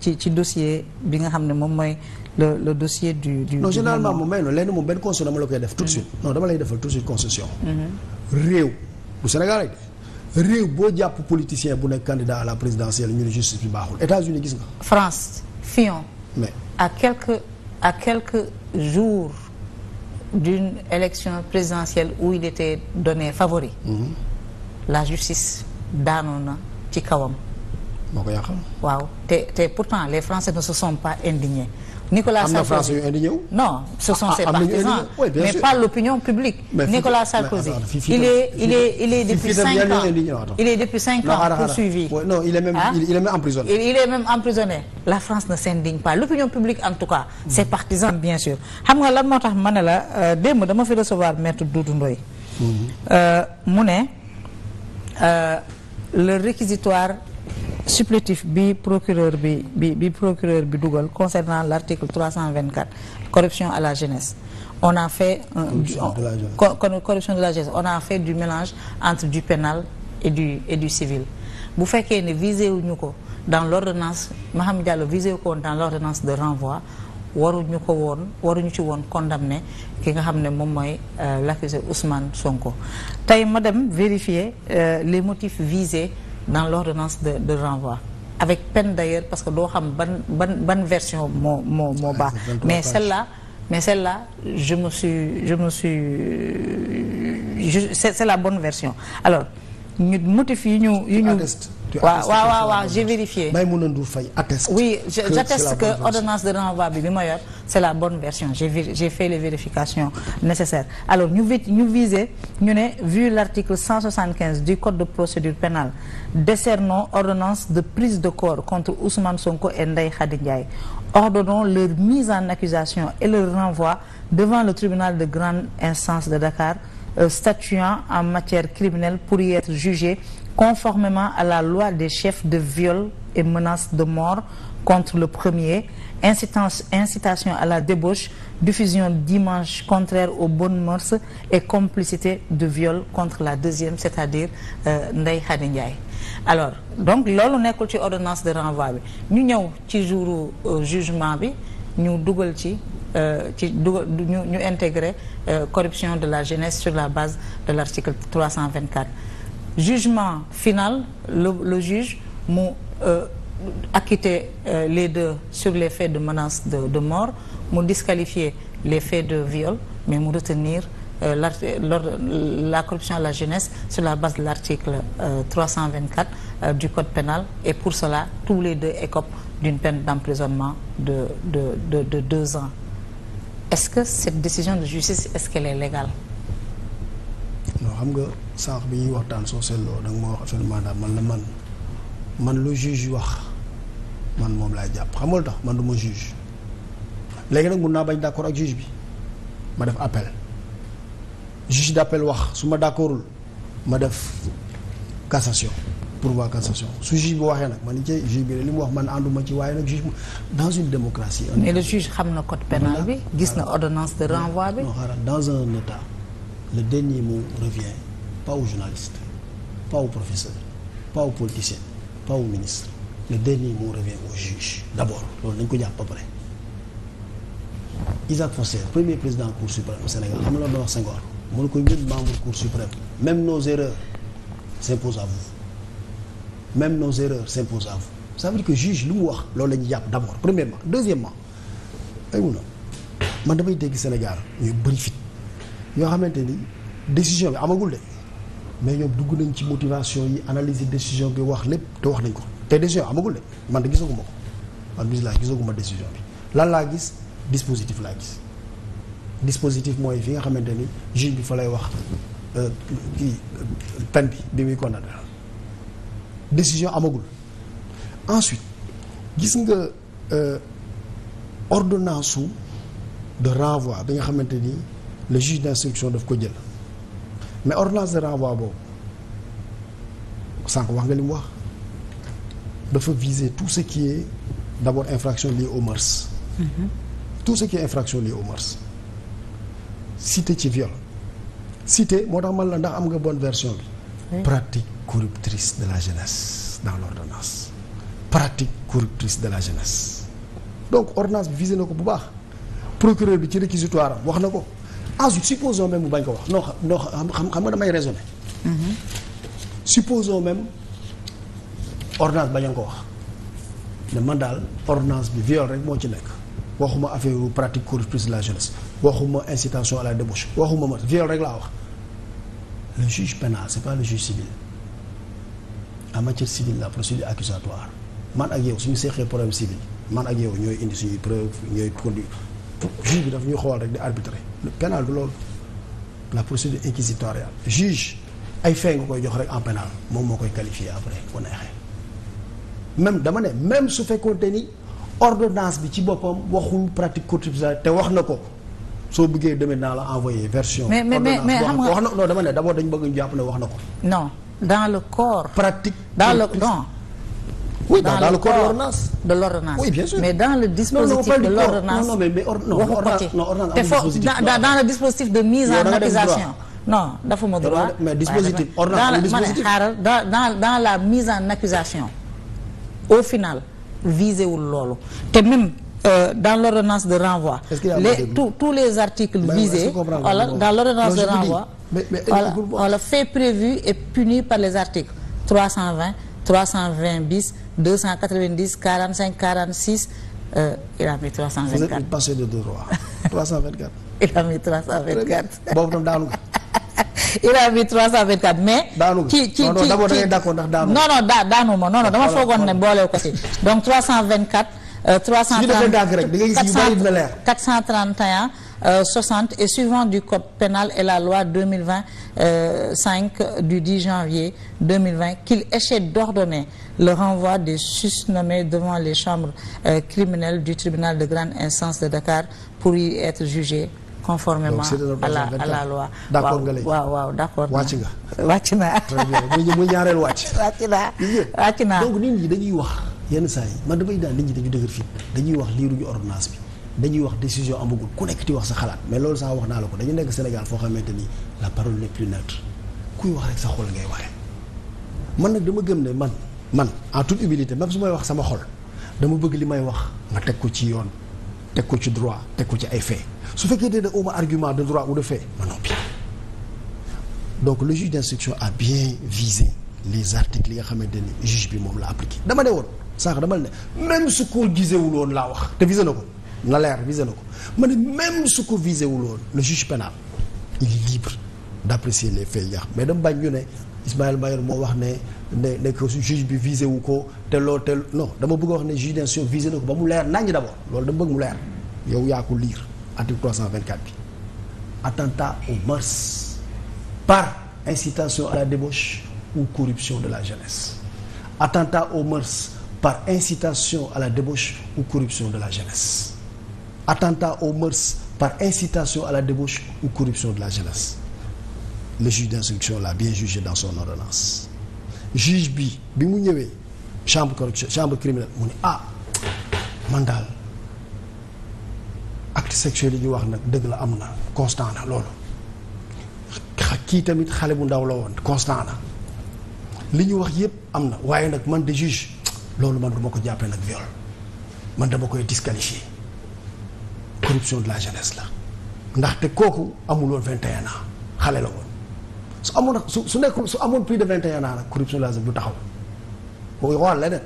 ci ci dossier bi nga xam ne moom mooy le le dossier du du. généralement mu may noonu leen moom benn concession dama la koy def. tout de suite mm-hmm. non dama lay defal tout de suite concession. Mm-hmm. réew bu Sénégal réew boo jàpp politicien bu nekk candidat à la présidentielle ñu ne justice bi baaxul États-Unis gis nga. France Fillon. mais à quelques à quelques jours d'une élection présidentielle où il était donné favori. Mm-hmm. la justice daanoon na ci kawam. moo ko yàqal waaw te te pourtant les Français ne se sont pas indignés. Nicolas Sarkozy na Français yu indigné wu. non ce sont ah, ah, ses partisans mais pas l'opinion publique. Nicolas Sarkozy il est depuis cinq ans il est depuis cinq ans poursuivi. il est même il la France ne s'indigne pas l'opinion publique en tout cas. Hmm. ses partisans bien sûr. xam nga lan moo tax ma ne la euh, démb dama fi recevoir maître Doudou Ndoye. Hmm. Euh, mu ne euh, le réquisitoire. supplétif bi procureur bi bi bi bi dugal concernant l'article 324 corruption à la jeunesse on a fait un, corruption, du, on, de la jeunesse. Cor, corruption de la jeunesse on a fait du mélange entre du pénal et du civil bu fekkee ne visé wuñu ko dans l'ordonnance Maham Diallo visé wu ko woon dans l'ordonnance de renvoi waruñu ko woon waruñu ci woon condamné ki nga xam ne moom mooy euh, l'accusé Ousmane Sonko tey ma dem vérifier euh, les motifs visés dans l'ordonnance de de renvoi avec peine d'ailleurs parce que doo xam ban ban ban version moo moo moo baax mais celle-là mais celle-là je me suis je me suis c'est la bonne version alors ñu motif yi ñu yu ñu waaw waaw waaw j'ai vérifié. Maïmouna Ndour Faye que ordonnance de renvoi bi bi ma yor c'est la bonne version j'ai j'ai fait les vérifications nécessaires alors ñu vi ñu viser ñu ne vu l'article 175 du code de procédure pénale décernons ordonnance de prise de corps contre Ousmane Sonko et Ndeye Khady ordonnons leur mise en accusation et leur renvoi devant le tribunal de grande instance de Dakar euh, statuant en matière criminelle pour y être jugé conformément à la loi des chefs de viol et menaces de mort contre le premier, incitance, incitation à la débauche, diffusion dimanche contraires aux bonnes mœurs et complicité de viol contre la deuxième, c'est-à-dire euh, Ndeye alors donc loolu nekkul ci ordonnance de renvoi bi ñu ñëw ci jouru euh, jugement bi ñu dugal ci euh, ci dugal ñu ñu intégré euh, corruption de la jeunesse sur la base de l'article 324 jugement final le, le juge mu euh, euh, les deux sur les faits de menace de, de mort mu disqualifié les faits de viol mais mu retenir euh, la, la, la corruption à la jeunesse sur la base de l'article 324 euh, euh, du code pénal et pour cela tous les deux écopent d'une peine d'emprisonnement de, de, de, deux ans. Est-ce que cette décision de justice, est-ce qu'elle est légale? sànq bi ñuy waxtaan soo seetloo da nga ma wax affaire mandat man la man man lu juge wax man moom laay jàpp xam nga lu tax man du ma juge léegi nag mun naa bañ d'accord ak juge bi ma def appel juge d'appel wax su ma d'accordul ma def cassation pourvoi cassation su juge bi waxee nag man ni ci juge bi li mu wax man ànduma ci waaye nag juge dans une démocratie. mais le juge xam na code pénal bi gis na ordonnance de renvoi bi. non dans un état le dernier mot revient pas au journaliste pas au professeur pas au politicien pas au ministre le dernier mot revient au juge d'abord loolu dañ ko jàpp ba pare Isaac Fossé premier président cour suprême au Sénégal xam nga loolu doon wax Senghor mu ne ko ñun membre cour suprême même nos erreurs s'imposent à vous même nos erreurs s'imposent à vous ça veut que juge lu mu wax loolu la ñuy jàpp d'abord premièrement deuxièmement ay mun man damay dégg Sénégal ñu bëri fit yoo xamante ni décision bi amagul de mais ñoom dugg nañ ci motivation yi analyser décision bi wax lépp te wax nañ ko te décision amagul de man de gisagu ma ko man bis laa décision bi lan laa gis dispositif laa gis dispositif mooy fi nga xamante ni juge bi fa lay wax euh, kii peine bi bi muy condamné décision amagul ensuite gis nga euh, ordonnance de renvoi bi nga xamante ni le juge d'instruction daf ko jël mais ordonnance de renvoi boobu sànq wax nga li mu wax dafa viser tout ce qui est d' abord infraction li aux mœurs. Mm tout ce qui est infraction liée au mœurs. cité ci viol cité moo tax man la ndax am nga bonne version bi. Oui. pratique corruptrice de la jeunesse dans l' ordonnance pratique corruptrice de la jeunesse donc ordonnance bi visé na ko bu baax procureur bi ci réquisitoire am wax na ko. ensuite ah, supposons même mu bañ ko wax noo noo xam xam nga damay raisonner. Mhm. supposons même ordonnance bañ ko wax ne man daal ordonnance bi viol rek moo ci nekk waxuma affaire pratique corruptrice de la jeunesse waxuma incitation à la débauche waxuma ma viol rek laa wax le juge pénal c'est pas le juge civil en matière civile la procédure accusatoire man ak su ñu seexee problème civil man ak yow ñooy indi suñuy preuve ñooy conduire juge bi daf ñuy xool rek di arbitrer. le pénal du loolu la procédure inquisitoriale juge ay fee nga koy jox rek en pénal moom moo koy qualifier après bu neexee même dama ne même su fekkoonte ni ordonnance bi ci boppam waxul pratique contributive te wax na ko soo buggee demee naa la envoyé version. mais mais mais xam nga wax na non dama ne d'abord dañu bëgg ñu jàpp ne wax na ko. non dans le corps. pratique dans le non. oui dans, dans, dans le corps de l'ordonnance de l'ordonnance mais dans le dispositif de l'ordonnance de mise en accusation non dafa ma droit dans la mise en accusation au final visé wul loolu te même Euh, dans l'ordonnance de renvoi les tous tous les articles visés dans l'ordonnance de renvoi mais, mais, et puni par les articles deux cent quatre-vingt-dix quarante e quarante-six euh, il a mis trois cent vingt-quatre. vous êtes passé de deux rois trois cent vingt-quatre. il a mis trois cent vingt-quatre. boobu tam daanu nga. il non non da ngay d'accord non non daa daanu ma non non dama foogoon ne boolew ko si. donc trois cent vingt-quatre. Euh, trois 60 euh, et suivant du code pénal et la loi 2020-5 euh, du 10 janvier 2020 qu'il échait d'ordonner le renvoi des susnommés devant les chambres euh, criminelles du tribunal de grande instance de Dakar pour y être jugés conformément à la à la loi. d'accord nga léegi waaw waaw d'accord wàcc nga. wàcc naa. muy muy wàcc. wàcc naa wàcc naa. donc nit ñi dañuy wax yenn saa yi man damay daal nit dañu dëgër fii dañuy wax liiruñu ordonnance bi. dañuy wax décision amagul ku nekk di wax sa xalaat mais loolu sax wax naa la ko dañu nekk Sénégal foo xamante ni la parole n'est plus neutre kuy wax sa xol ngay waxee man nag dama gëm ne man man en toute humilité même su may wax sama xol dama bëgg li may wax nga teg ko ci yoon teg ko ci droit teg ko ci ay fait su fekkee te ne uma argument de droit ou de fait ma noppi donc le juge d'instruction a bien visé les articles yi nga xamante ni juge bi moom la appliqué dama ne woon sànq dama ne même su ko gisewul laa wax te visé ko na leer visé na ko ma ne même su ko visé wu loolu le juge pénal il est libre d'apprécier les faits yàq mais dama bañ ñu ne Ismaël Bayor moo wax ne ne ne que juge bi visé wu ko te loolu te no dama bëgg wax ne juge d'instruction na ko ba mu leer naññ d'abord loolu dama bëgg mu leer yow yaa ko lire article 324 bi attentat aux mœurs par incitation à la débauche ou corruption de la jeunesse attentat au mœurs par incitation à la débauche ou corruption de la jeunesse attentat au mœurs par incitation à la débauche ou corruption de la jeunesse le juge d'instruction l'a bien jugé dans son ordonnance juge bi bi mu ñëwee chambre correction chambre criminelle mu ne ah man daal acte sexuel yi ñu wax nag dëgg la am na constant na loolu kii tamit xale bu ndaw la woon constant na li ñu wax yépp am na waaye nag man de juge loolu man du ma ko jàppee nag viol man dama koy disqualifier corruption de la jeunesse la ndaxte kooku amuloon 21 ans xale la woon su amoon su su nekkul su amoon plus de 21 ans nag corruption de la jeunesse du taxaw booy xool leneen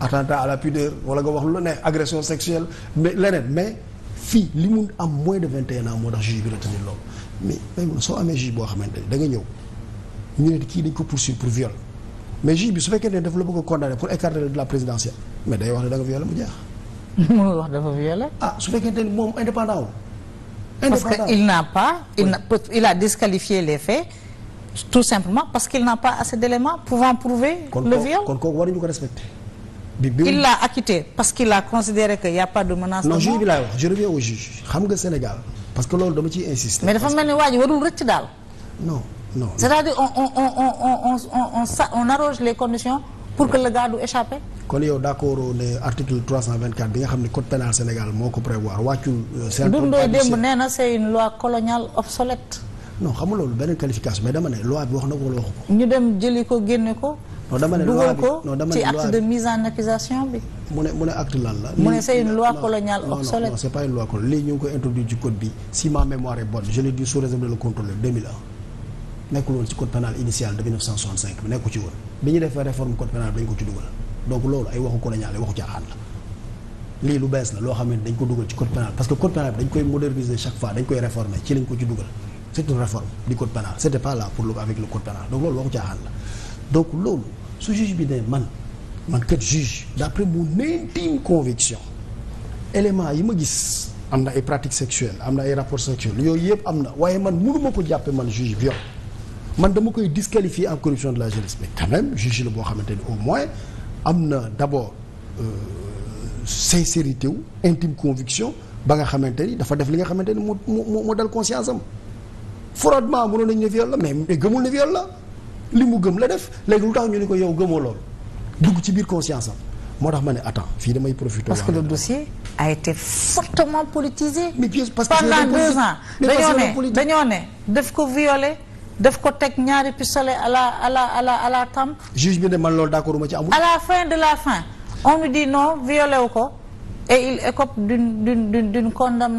attentat à la pudeur wala nga wax lu ne agression sexuelle mais leneen mais fii li mun am moins de 21 ans moo tax juge bi retenir loolu mais même soo amee juge boo xamante ni da nga ñëw ñu ne kii dañ ko poursuivre pour viol mais juge bi su fekkee ne daf la bëgg a condamné pour écarter de mu jeex. mënul wax dafa violé. ah su fekkee ni moom indépendant parce que il n'a pas il n'a il a disqualifié les faits tout simplement parce qu'il n'a pas assez d'éléments pouvant prouver le viol il l'a acquitté parce qu'il a considéré que y a pas de menace non juge bi juge xam nga Sénégal parce que loolu dama ciy mais dafa mel ni waa ji warul non non c'est-à-dire on on on kon yow d'accord ne article 324 bi nga xam ne code pénal Sénégal moo ko prévoir wàccul. dundoo euh, démb nee na une loi coloniale obsolète. non xam nga loolu qualification mais dama loi bi wax na ko wala waxu ko. ñu dem jëli ko génne ko. non dama loi bi mu ne acte lan la. mu ne c'est une loi coloniale obsolète. lii ñu ngi ko introduit ci code bi si ma mémoire est je l'ai dit sous réserve de le contrôler ci code pénal initial donc loolu ay waxu colonial ay waxu caaxaan la lii lu bees la loo xam ne dañ ko dugal ci code pénal parce que code pénal dañ koy moderniser chaque fois dañ koy réformer ci lañ ko ci dugal c' est une réforme du code pénal c' était pas là pour le avec le code pénal donc loolu waxu caaxaan la donc loolu su juge bi ne man man kat juge d' après mon intime conviction élément yi ma gis am na ay pratiques sexuelles am na ay rapports sexuels yooyu yëpp am na waaye man mënuma ko jàppe man juge viol man dama koy disqualifier en corruption de la jeunesse mais quand même juge la boo xamante ni au moins am na d'abord euh, sincérité wu intime conviction ba nga xamante ni dafa def li nga xamante ni mu mu dal conscience am froidement mënoon nañu ne viol la mais mais gëmul ne viol la li mu gëm la def léegi lu tax ñu ne ko yow gëmoo lool dugg ci biir conscience am moo tax ma ne attends fii damay profité. parce que le dossier a été fortement politisé. parce que pendant deux ans dañoo ne dañoo ne daf ko violé. def ko teg ñaari pistolet à la à la la à la tempe. juge bi ne man loolu d'accord ma ci amul. à la fin de la fin on nous dit non wu ko et écope d'une d'une d'une condamnation